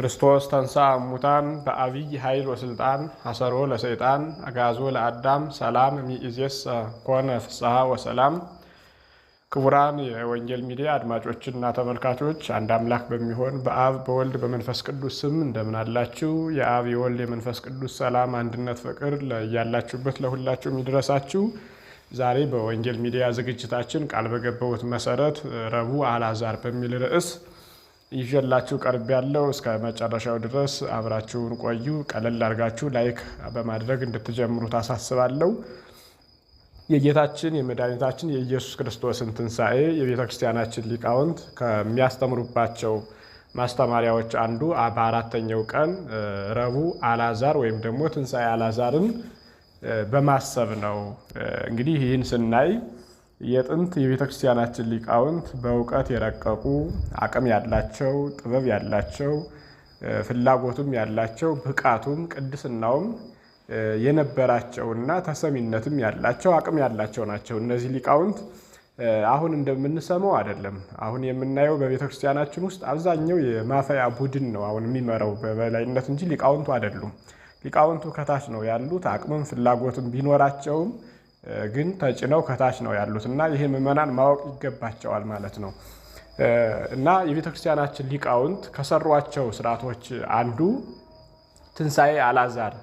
ክርስቶስ ተንሳ ሙታን በአብይ ኃይል ወስልጣን አሰሮ ለሰይጣን አጋዞ ለአዳም ሰላም ሚእዜስ ኮነ ፍስሐ ወሰላም። ክቡራን የወንጌል ሚዲያ አድማጮችና ተመልካቾች አንድ አምላክ በሚሆን በአብ በወልድ በመንፈስ ቅዱስ ስም እንደምን አላችሁ? የአብ የወልድ የመንፈስ ቅዱስ ሰላም፣ አንድነት፣ ፍቅር ያላችሁበት ለሁላችሁ የሚደረሳችሁ ዛሬ በወንጌል ሚዲያ ዝግጅታችን ቃል በገባሁት መሰረት ረቡዕ አልዓዛር በሚል ርዕስ ይዤላችሁ ቀርብ ያለው እስከ መጨረሻው ድረስ አብራችሁን ቆዩ። ቀለል አድርጋችሁ ላይክ በማድረግ እንድትጀምሩ ታሳስባለሁ። የጌታችን የመድኃኒታችን የኢየሱስ ክርስቶስን ትንሣኤ የቤተ ክርስቲያናችን ሊቃውንት ከሚያስተምሩባቸው ማስተማሪያዎች አንዱ በአራተኛው ቀን ረቡዕ አላዛር ወይም ደግሞ ትንሣኤ አላዛርን በማሰብ ነው። እንግዲህ ይህን ስናይ የጥንት የቤተ ክርስቲያናችን ሊቃውንት በእውቀት የረቀቁ አቅም ያላቸው ጥበብ ያላቸው ፍላጎቱም ያላቸው ብቃቱም ቅድስናውም የነበራቸውና ተሰሚነትም ያላቸው አቅም ያላቸው ናቸው። እነዚህ ሊቃውንት አሁን እንደምንሰማው አይደለም። አሁን የምናየው በቤተ ክርስቲያናችን ውስጥ አብዛኛው የማፈያ ቡድን ነው አሁን የሚመራው በበላይነት እንጂ ሊቃውንቱ አይደሉም። ሊቃውንቱ ከታች ነው ያሉት። አቅምም ፍላጎትም ቢኖራቸውም ግን ተጭነው ከታች ነው ያሉት እና ይህን ምዕመናን ማወቅ ይገባቸዋል ማለት ነው እና የቤተ ክርስቲያናችን ሊቃውንት ከሰሯቸው ስርዓቶች አንዱ ትንሣኤ አላዛር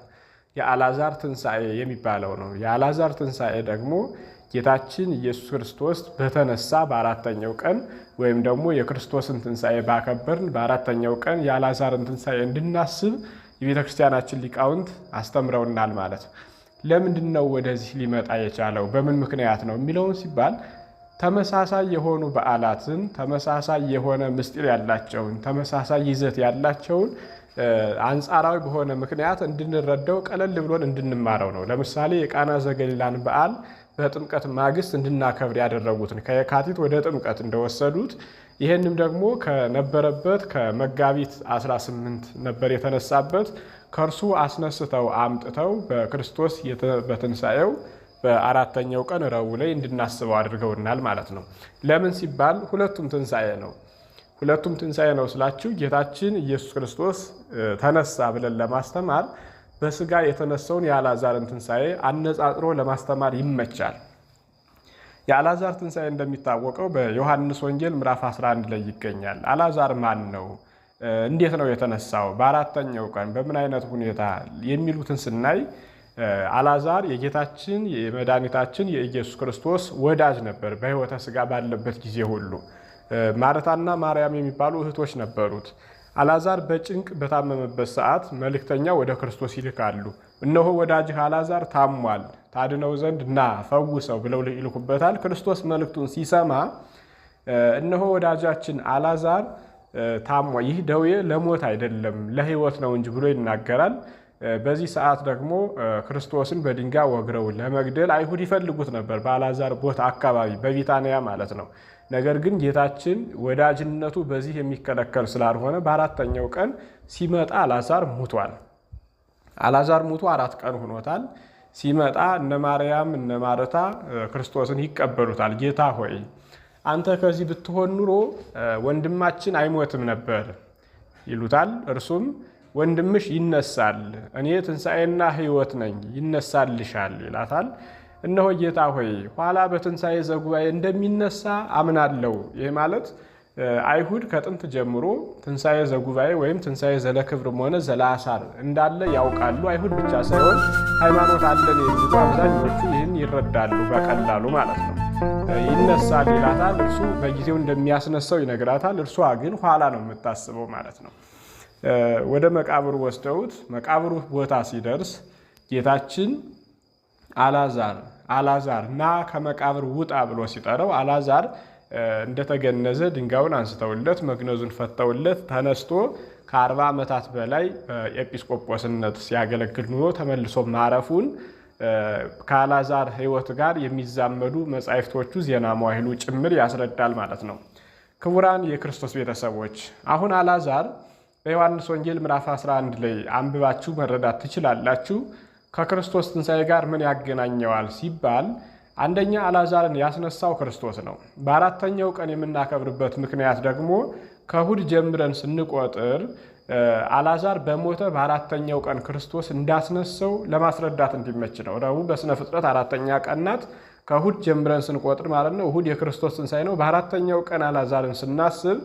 የአላዛር ትንሣኤ የሚባለው ነው። የአላዛር ትንሣኤ ደግሞ ጌታችን ኢየሱስ ክርስቶስ በተነሳ በአራተኛው ቀን ወይም ደግሞ የክርስቶስን ትንሣኤ ባከበርን በአራተኛው ቀን የአላዛርን ትንሣኤ እንድናስብ የቤተ ክርስቲያናችን ሊቃውንት አስተምረውናል ማለት ነው። ለምንድን ነው ወደዚህ ሊመጣ የቻለው በምን ምክንያት ነው የሚለውን ሲባል ተመሳሳይ የሆኑ በዓላትን ተመሳሳይ የሆነ ምስጢር ያላቸውን ተመሳሳይ ይዘት ያላቸውን አንጻራዊ በሆነ ምክንያት እንድንረዳው ቀለል ብሎን እንድንማረው ነው። ለምሳሌ የቃና ዘገሊላን በዓል በጥምቀት ማግስት እንድናከብር ያደረጉትን ከየካቲት ወደ ጥምቀት እንደወሰዱት ይህንም ደግሞ ከነበረበት ከመጋቢት 18 ነበር የተነሳበት። ከእርሱ አስነስተው አምጥተው በክርስቶስ በትንሣኤው በአራተኛው ቀን ረቡዕ ላይ እንድናስበው አድርገውናል ማለት ነው። ለምን ሲባል ሁለቱም ትንሣኤ ነው። ሁለቱም ትንሣኤ ነው ስላችሁ ጌታችን ኢየሱስ ክርስቶስ ተነሳ ብለን ለማስተማር በስጋ የተነሳውን የአልዓዛርን ትንሣኤ አነጻጽሮ ለማስተማር ይመቻል። የአላዛር ትንሣኤ እንደሚታወቀው በዮሐንስ ወንጌል ምዕራፍ 11 ላይ ይገኛል። አላዛር ማን ነው? እንዴት ነው የተነሳው? በአራተኛው ቀን በምን አይነት ሁኔታ የሚሉትን ስናይ አላዛር የጌታችን የመድኃኒታችን የኢየሱስ ክርስቶስ ወዳጅ ነበር። በሕይወተ ሥጋ ባለበት ጊዜ ሁሉ ማርታና ማርያም የሚባሉ እህቶች ነበሩት። አላዛር በጭንቅ በታመመበት ሰዓት መልእክተኛ ወደ ክርስቶስ ይልካሉ። እነሆ ወዳጅህ አላዛር ታሟል ታድነው ዘንድ ና ፈውሰው ብለው ይልኩበታል። ክርስቶስ መልእክቱን ሲሰማ እነሆ ወዳጃችን አላዛር ታሟ፣ ይህ ደዌ ለሞት አይደለም ለሕይወት ነው እንጂ ብሎ ይናገራል። በዚህ ሰዓት ደግሞ ክርስቶስን በድንጋይ ወግረው ለመግደል አይሁድ ይፈልጉት ነበር፣ በአላዛር ቦታ አካባቢ በቢታንያ ማለት ነው። ነገር ግን ጌታችን ወዳጅነቱ በዚህ የሚከለከል ስላልሆነ በአራተኛው ቀን ሲመጣ አላዛር ሙቷል። አላዛር ሙቶ አራት ቀን ሆኖታል። ሲመጣ እነ ማርያም እነ ማረታ ክርስቶስን ይቀበሉታል። ጌታ ሆይ አንተ ከዚህ ብትሆን ኑሮ ወንድማችን አይሞትም ነበር ይሉታል። እርሱም ወንድምሽ ይነሳል፣ እኔ ትንሣኤና ሕይወት ነኝ፣ ይነሳልሻል ይላታል። እነሆ ጌታ ሆይ ኋላ በትንሣኤ ዘጉባኤ እንደሚነሳ አምናለው ይህ ማለት አይሁድ ከጥንት ጀምሮ ትንሣኤ ዘጉባኤ ወይም ትንሣኤ ዘለክብርም ሆነ ዘለአሳር እንዳለ ያውቃሉ። አይሁድ ብቻ ሳይሆን ሃይማኖት አለን የሚሉ አብዛኞቹ ይህን ይረዳሉ በቀላሉ ማለት ነው። ይነሳል ይላታል፣ እርሱ በጊዜው እንደሚያስነሳው ይነግራታል። እርሷ ግን ኋላ ነው የምታስበው ማለት ነው። ወደ መቃብሩ ወስደውት መቃብሩ ቦታ ሲደርስ ጌታችን አላዛር አላዛር ና ከመቃብር ውጣ ብሎ ሲጠራው አላዛር እንደተገነዘ ድንጋዩን አንስተውለት መግነዙን ፈተውለት ተነስቶ ከአርባ ዓመታት በላይ ኤጲስቆጶስነት ሲያገለግል ኑሮ ተመልሶ ማረፉን ከአላዛር ሕይወት ጋር የሚዛመዱ መጻሕፍቶቹ ዜና መዋዕሉ ጭምር ያስረዳል ማለት ነው። ክቡራን የክርስቶስ ቤተሰቦች አሁን አላዛር በዮሐንስ ወንጌል ምዕራፍ 11 ላይ አንብባችሁ መረዳት ትችላላችሁ። ከክርስቶስ ትንሣኤ ጋር ምን ያገናኘዋል ሲባል አንደኛ አላዛርን ያስነሳው ክርስቶስ ነው። በአራተኛው ቀን የምናከብርበት ምክንያት ደግሞ ከእሑድ ጀምረን ስንቆጥር አላዛር በሞተ በአራተኛው ቀን ክርስቶስ እንዳስነሰው ለማስረዳት እንዲመች ነው። ረቡዕ በሥነ ፍጥረት አራተኛ ቀን ናት። ከእሑድ ጀምረን ስንቆጥር ማለት ነው። እሑድ የክርስቶስ ትንሣኤ ነው። በአራተኛው ቀን አላዛርን ስናስብ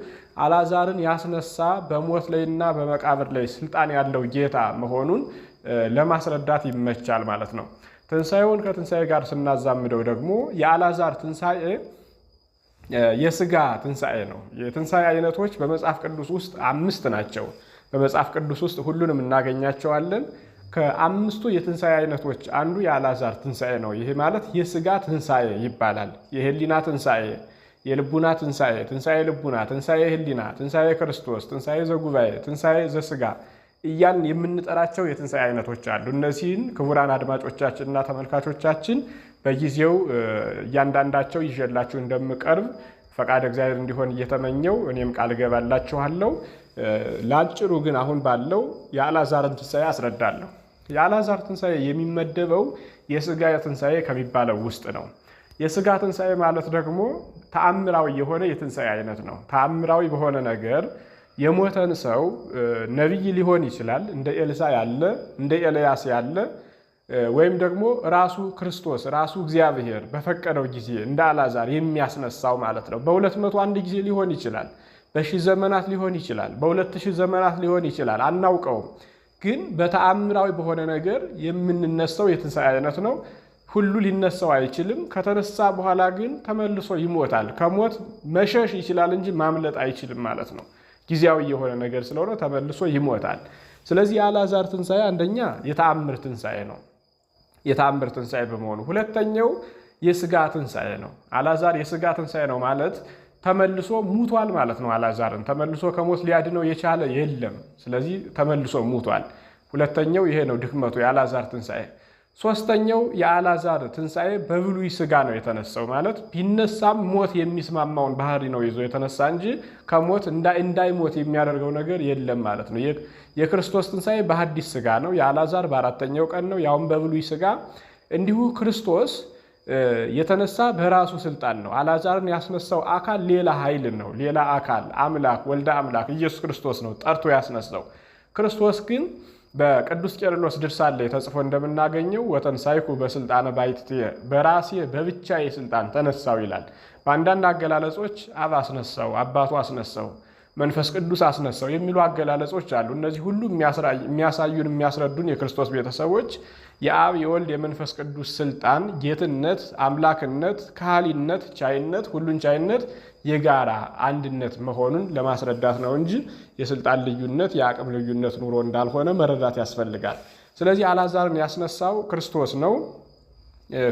አላዛርን ያስነሳ በሞት ላይና በመቃብር ላይ ስልጣን ያለው ጌታ መሆኑን ለማስረዳት ይመቻል ማለት ነው። ትንሣኤውን ከትንሣኤ ጋር ስናዛምደው ደግሞ የአላዛር ትንሣኤ የስጋ ትንሣኤ ነው። የትንሣኤ አይነቶች በመጽሐፍ ቅዱስ ውስጥ አምስት ናቸው። በመጽሐፍ ቅዱስ ውስጥ ሁሉንም እናገኛቸዋለን። ከአምስቱ የትንሣኤ አይነቶች አንዱ የአላዛር ትንሣኤ ነው። ይሄ ማለት የስጋ ትንሣኤ ይባላል። የህሊና ትንሣኤ፣ የልቡና ትንሣኤ፣ ትንሣኤ ልቡና፣ ትንሣኤ ህሊና፣ ትንሣኤ ክርስቶስ፣ ትንሣኤ ዘጉባኤ፣ ትንሣኤ ዘስጋ እያልን የምንጠራቸው የትንሣኤ አይነቶች አሉ። እነዚህን ክቡራን አድማጮቻችንና ተመልካቾቻችን በጊዜው እያንዳንዳቸው ይዤላችሁ እንደምቀርብ ፈቃድ እግዚአብሔር እንዲሆን እየተመኘው እኔም ቃል እገባላችኋለሁ። ለአጭሩ ግን አሁን ባለው የአልዓዛርን ትንሣኤ አስረዳለሁ። የአልዓዛር ትንሣኤ የሚመደበው የሥጋ ትንሣኤ ከሚባለው ውስጥ ነው። የሥጋ ትንሣኤ ማለት ደግሞ ተአምራዊ የሆነ የትንሣኤ አይነት ነው። ተአምራዊ በሆነ ነገር የሞተን ሰው ነቢይ ሊሆን ይችላል፣ እንደ ኤልሳ ያለ እንደ ኤልያስ ያለ ወይም ደግሞ ራሱ ክርስቶስ ራሱ እግዚአብሔር በፈቀደው ጊዜ እንደ አላዛር የሚያስነሳው ማለት ነው። በሁለት መቶ አንድ ጊዜ ሊሆን ይችላል፣ በሺህ ዘመናት ሊሆን ይችላል፣ በሁለት ሺህ ዘመናት ሊሆን ይችላል። አናውቀውም። ግን በተአምራዊ በሆነ ነገር የምንነሳው የትንሣኤ አይነት ነው። ሁሉ ሊነሳው አይችልም። ከተነሳ በኋላ ግን ተመልሶ ይሞታል። ከሞት መሸሽ ይችላል እንጂ ማምለጥ አይችልም ማለት ነው። ጊዜያዊ የሆነ ነገር ስለሆነ ተመልሶ ይሞታል። ስለዚህ የአልዓዛር ትንሣኤ አንደኛ የተአምር ትንሣኤ ነው፣ የተአምር ትንሣኤ በመሆኑ ሁለተኛው የስጋ ትንሣኤ ነው። አልዓዛር የስጋ ትንሣኤ ነው ማለት ተመልሶ ሙቷል ማለት ነው። አልዓዛርን ተመልሶ ከሞት ሊያድነው የቻለ የለም። ስለዚህ ተመልሶ ሙቷል። ሁለተኛው ይሄ ነው ድክመቱ የአልዓዛር ትንሣኤ ሶስተኛው የአልዓዛር ትንሣኤ በብሉይ ሥጋ ነው የተነሳው። ማለት ቢነሳም ሞት የሚስማማውን ባህሪ ነው ይዞ የተነሳ እንጂ ከሞት እንዳይሞት የሚያደርገው ነገር የለም ማለት ነው። የክርስቶስ ትንሣኤ በአዲስ ሥጋ ነው። የአልዓዛር በአራተኛው ቀን ነው፣ ያውም በብሉይ ሥጋ። እንዲሁ ክርስቶስ የተነሳ በራሱ ስልጣን ነው። አልዓዛርን ያስነሳው አካል ሌላ ኃይል ነው፣ ሌላ አካል አምላክ፣ ወልደ አምላክ ኢየሱስ ክርስቶስ ነው ጠርቶ ያስነሳው። ክርስቶስ ግን በቅዱስ ቄርሎስ ድርሳን ላይ ተጽፎ እንደምናገኘው ወተንሳይኩ በስልጣነ ባይትትየ በራሴ በብቻዬ ስልጣን ተነሳው ይላል። በአንዳንድ አገላለጾች አብ አስነሳው፣ አባቱ አስነሳው፣ መንፈስ ቅዱስ አስነሳው የሚሉ አገላለጾች አሉ። እነዚህ ሁሉ የሚያሳዩን የሚያስረዱን የክርስቶስ ቤተሰቦች የአብ የወልድ የመንፈስ ቅዱስ ስልጣን፣ ጌትነት፣ አምላክነት፣ ካህሊነት፣ ቻይነት፣ ሁሉን ቻይነት የጋራ አንድነት መሆኑን ለማስረዳት ነው እንጂ የስልጣን ልዩነት የአቅም ልዩነት ኑሮ እንዳልሆነ መረዳት ያስፈልጋል። ስለዚህ አላዛርን ያስነሳው ክርስቶስ ነው።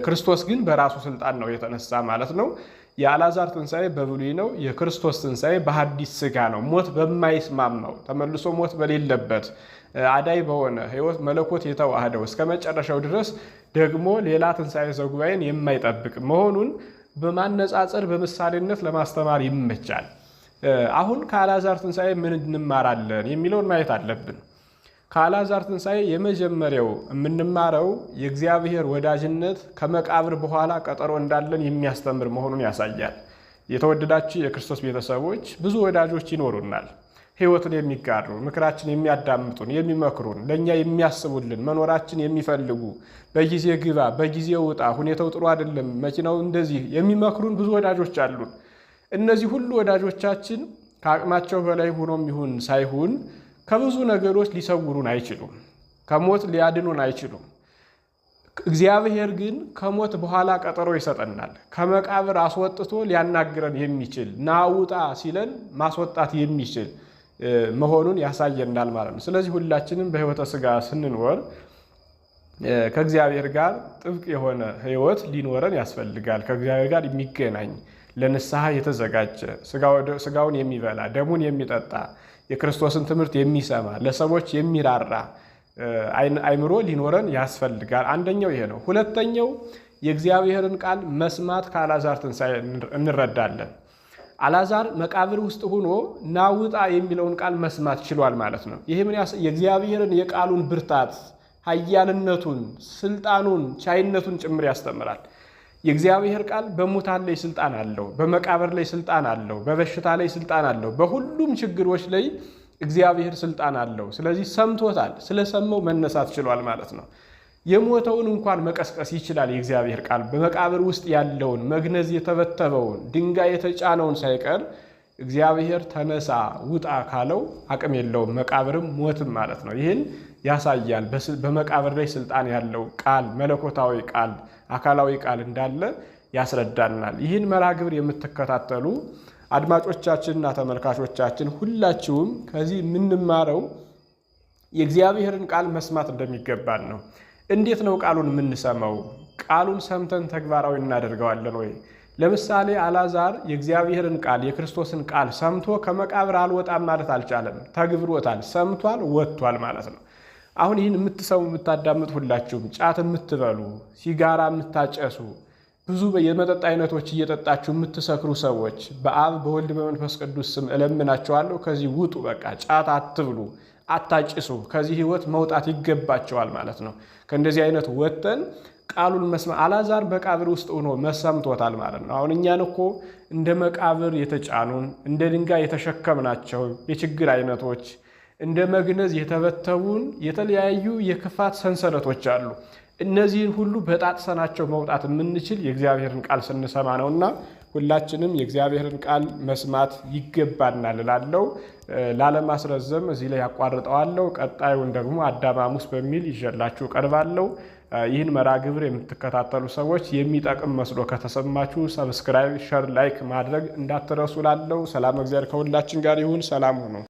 ክርስቶስ ግን በራሱ ስልጣን ነው የተነሳ ማለት ነው። የአላዛር ትንሣኤ በብሉይ ነው። የክርስቶስ ትንሣኤ በሐዲስ ሥጋ ነው። ሞት በማይስማማው ተመልሶ ሞት በሌለበት አዳይ በሆነ ህይወት መለኮት የተዋህደው እስከ መጨረሻው ድረስ ደግሞ ሌላ ትንሣኤ ዘጉባኤን የማይጠብቅ መሆኑን በማነጻጸር በምሳሌነት ለማስተማር ይመቻል። አሁን ከአልዓዛር ትንሣኤ ምን እንማራለን የሚለውን ማየት አለብን። ከአልዓዛር ትንሣኤ የመጀመሪያው የምንማረው የእግዚአብሔር ወዳጅነት ከመቃብር በኋላ ቀጠሮ እንዳለን የሚያስተምር መሆኑን ያሳያል። የተወደዳችሁ የክርስቶስ ቤተሰቦች ብዙ ወዳጆች ይኖሩናል። ህይወትን የሚጋሩ ምክራችን የሚያዳምጡን የሚመክሩን ለእኛ የሚያስቡልን መኖራችን የሚፈልጉ በጊዜ ግባ፣ በጊዜ ውጣ፣ ሁኔታው ጥሩ አይደለም፣ መኪናው እንደዚህ የሚመክሩን ብዙ ወዳጆች አሉን። እነዚህ ሁሉ ወዳጆቻችን ከአቅማቸው በላይ ሆኖም ይሁን ሳይሆን ከብዙ ነገሮች ሊሰውሩን አይችሉም። ከሞት ሊያድኑን አይችሉም። እግዚአብሔር ግን ከሞት በኋላ ቀጠሮ ይሰጠናል። ከመቃብር አስወጥቶ ሊያናግረን የሚችል ናውጣ ሲለን ማስወጣት የሚችል መሆኑን ያሳየናል ማለት ነው። ስለዚህ ሁላችንም በህይወተ ስጋ ስንኖር ከእግዚአብሔር ጋር ጥብቅ የሆነ ህይወት ሊኖረን ያስፈልጋል። ከእግዚአብሔር ጋር የሚገናኝ ለንስሐ የተዘጋጀ ስጋውን የሚበላ ደሙን የሚጠጣ የክርስቶስን ትምህርት የሚሰማ ለሰዎች የሚራራ አይምሮ ሊኖረን ያስፈልጋል። አንደኛው ይሄ ነው። ሁለተኛው የእግዚአብሔርን ቃል መስማት ከአልዓዛር ትንሣኤ እንረዳለን። አላዛር መቃብር ውስጥ ሆኖ ናውጣ የሚለውን ቃል መስማት ችሏል ማለት ነው። ይህ ምን የእግዚአብሔርን የቃሉን ብርታት፣ ኃያልነቱን፣ ስልጣኑን፣ ቻይነቱን ጭምር ያስተምራል። የእግዚአብሔር ቃል በሙታን ላይ ስልጣን አለው፣ በመቃብር ላይ ስልጣን አለው፣ በበሽታ ላይ ስልጣን አለው፣ በሁሉም ችግሮች ላይ እግዚአብሔር ስልጣን አለው። ስለዚህ ሰምቶታል። ስለሰማው መነሳት ችሏል ማለት ነው። የሞተውን እንኳን መቀስቀስ ይችላል። የእግዚአብሔር ቃል በመቃብር ውስጥ ያለውን መግነዝ የተበተበውን ድንጋይ የተጫነውን ሳይቀር እግዚአብሔር ተነሳ ውጣ ካለው አቅም የለውም መቃብርም ሞትም ማለት ነው። ይህን ያሳያል። በመቃብር ላይ ስልጣን ያለው ቃል መለኮታዊ ቃል አካላዊ ቃል እንዳለ ያስረዳናል። ይህን መርሃ ግብር የምትከታተሉ አድማጮቻችንና ተመልካቾቻችን ሁላችሁም ከዚህ የምንማረው የእግዚአብሔርን ቃል መስማት እንደሚገባን ነው። እንዴት ነው ቃሉን የምንሰማው? ቃሉን ሰምተን ተግባራዊ እናደርገዋለን ወይ? ለምሳሌ አላዛር የእግዚአብሔርን ቃል የክርስቶስን ቃል ሰምቶ ከመቃብር አልወጣም ማለት አልቻለም። ተግብሮታል፣ ሰምቷል፣ ወጥቷል ማለት ነው። አሁን ይህን የምትሰሙ የምታዳምጥ ሁላችሁም ጫት የምትበሉ ሲጋራ የምታጨሱ ብዙ የመጠጥ አይነቶች እየጠጣችሁ የምትሰክሩ ሰዎች በአብ በወልድ በመንፈስ ቅዱስ ስም እለምናችኋለሁ፣ ከዚህ ውጡ። በቃ ጫት አትብሉ። አታጭሱ፣ ከዚህ ህይወት መውጣት ይገባቸዋል ማለት ነው። ከእንደዚህ አይነት ወጥተን ቃሉን መስማ አላዛር በቃብር ውስጥ ሆኖ መሰምቶታል ማለት ነው። አሁን እኛን እኮ እንደ መቃብር የተጫኑን እንደ ድንጋይ የተሸከምናቸው የችግር አይነቶች እንደ መግነዝ የተበተቡን የተለያዩ የክፋት ሰንሰለቶች አሉ። እነዚህን ሁሉ በጣጥሰናቸው መውጣት የምንችል የእግዚአብሔርን ቃል ስንሰማ እና ሁላችንም የእግዚአብሔርን ቃል መስማት ይገባናል እላለሁ። ላለማስረዘም እዚህ ላይ ያቋርጠዋለሁ። ቀጣዩን ደግሞ አዳማሙስ በሚል ይዤላችሁ እቀርባለሁ። ይህን መርሃ ግብር የምትከታተሉ ሰዎች የሚጠቅም መስሎ ከተሰማችሁ ሰብስክራይብ፣ ሸር፣ ላይክ ማድረግ እንዳትረሱ እላለሁ። ሰላም እግዚአብሔር ከሁላችን ጋር ይሁን። ሰላም ሁኑ።